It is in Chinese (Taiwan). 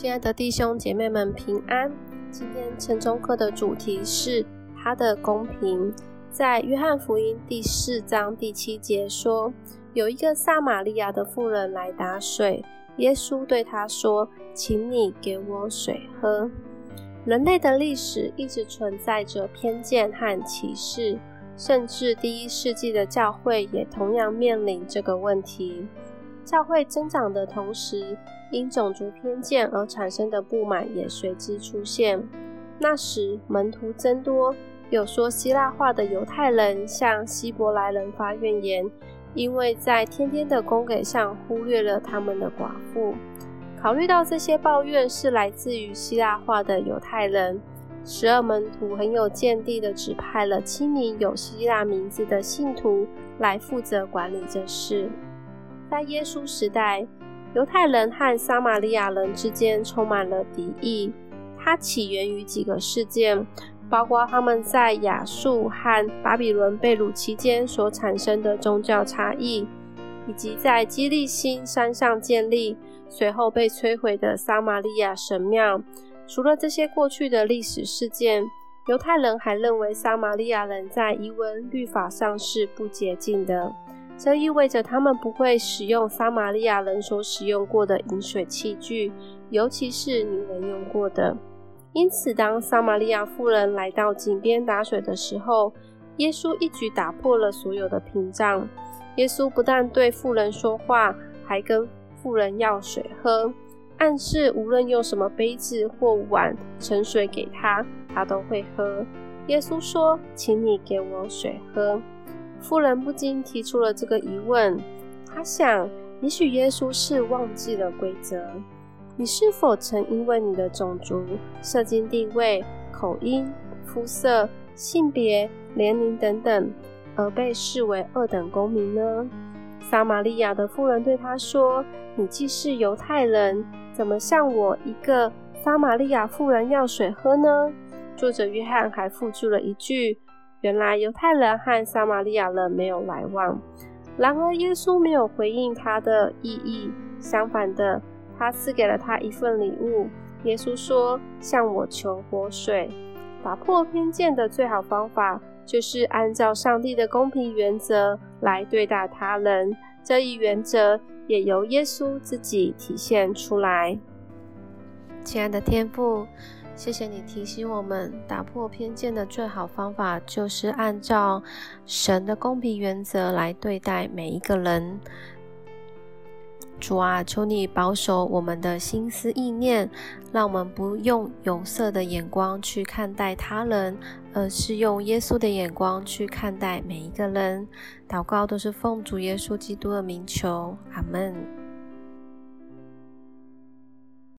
親愛的弟兄姐妹們，平安！今天晨鐘課的主題是祂的公平。在約翰福音第四章第七節說：“有一個撒瑪利亞的婦人來打水，耶穌對她說，請你給我水喝。”人類的歷史一直存在着偏見和歧視，甚至第一世紀的教會也同樣面臨這個問題。教會增長的同時，因種族偏見而產生的不滿也隨之出現。那時，門徒增多，有說希臘話的猶太人向希伯來人發怨言，因為在天天的供給上忽略了他們的寡婦。考慮到這些抱怨是來自於希臘化的猶太人，十二門徒很有見地地指派了七名有希臘名字的信徒來負責管理這事。在耶穌時代，猶太人和撒瑪利亞人之間充滿了敵意。它起源於幾個事件，包括他們在亞述和巴比倫被擄期間所產生的宗教差異，以及在基利心山上建立隨後被摧毀的撒瑪利亞神廟。除了這些過去的歷史事件，猶太人還認為撒瑪利亞人在儀文律法上是不潔淨的。這意味着他們不會使用撒瑪利亞人所使用過的飲水器具，尤其是女人用過的。因此，當撒瑪利亞婦人來到井邊打水的時候，耶穌一舉打破了所有的屏障。耶穌不但對婦人說話，還跟婦人要水喝，暗示無論用什麼杯子或碗盛水給她，她都會喝。耶穌說：“請你給我水喝。”婦人不禁提出了這個疑問，她想：也許耶穌是忘記了規則。你是否曾因為你的種族、社經地位、口音、膚色、性別、年齡等等，而被視為二等公民呢？撒瑪利亞的婦人對他說：“你既是猶太人，怎麼向我一個撒瑪利亞婦人要水喝呢？”作者約翰還附註了一句。原來猶太人和撒瑪利亞人沒有來往，然而耶穌沒有回應他的異議，相反的，他賜給了他一份禮物。耶穌說：“向我求活水。”打破偏見的最好方法就是按照上帝的公平原則來對待他人。這一原則也由耶穌自己體現出來。親愛的天父。謝謝你提醒我們，打破偏見的最好方法就是按照神的公平原則來對待每一個人。主啊，求你保守我們的心思意念，讓我們不用有色的眼光去看待他人，而是用耶穌的眼光去看待每一個人。禱告都是奉主耶穌基督的名求，阿門。